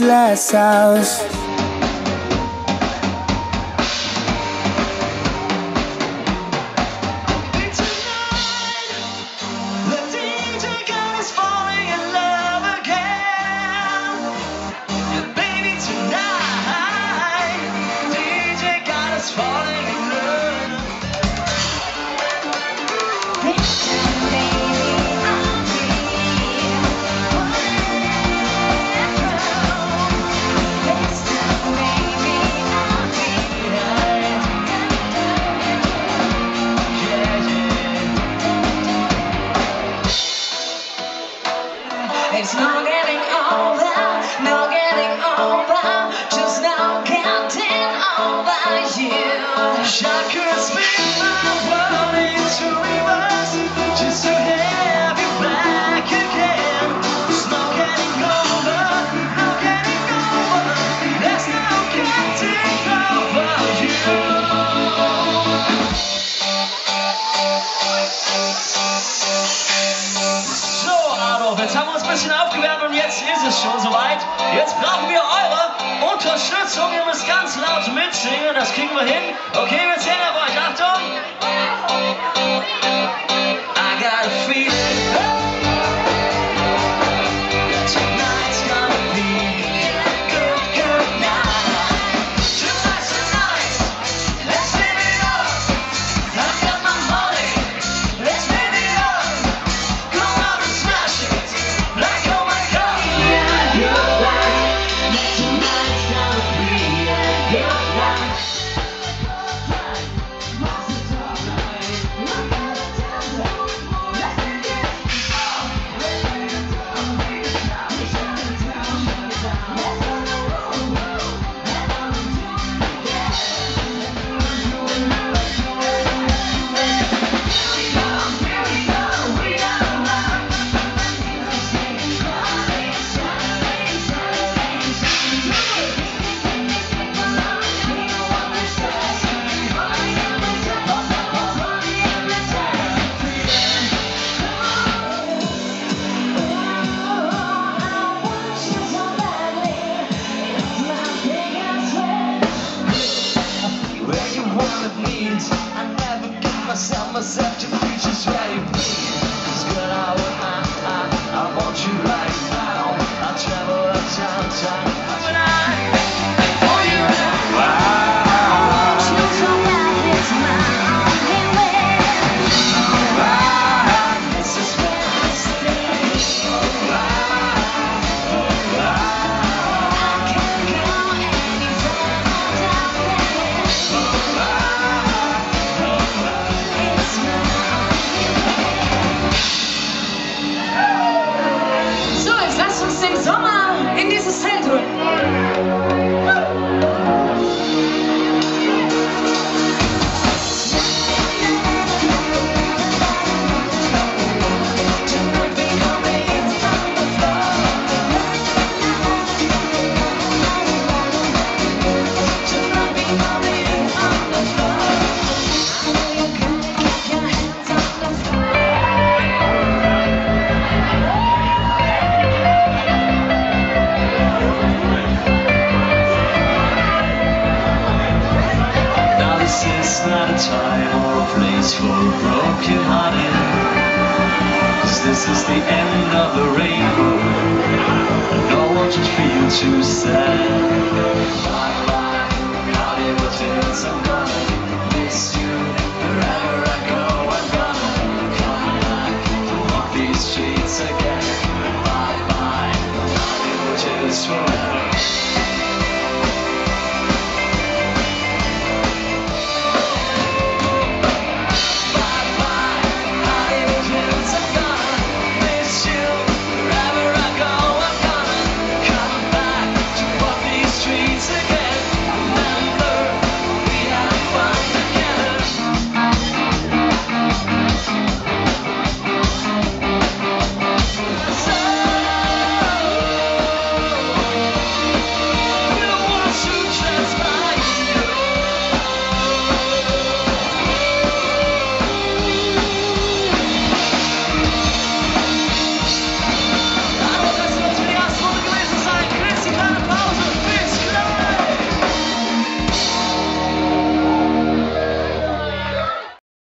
glass house Jetzt ist es schon soweit. Jetzt brauchen wir eure Unterstützung. Ihr müsst ganz laut mitsingen. Das kriegen wir hin. Okay, wir zählen auf euch. Achtung! I got a feeling. time. Bruno. It's not a time or a place for a broken hearted Cause this is the end of the rainbow And no one should feel too sad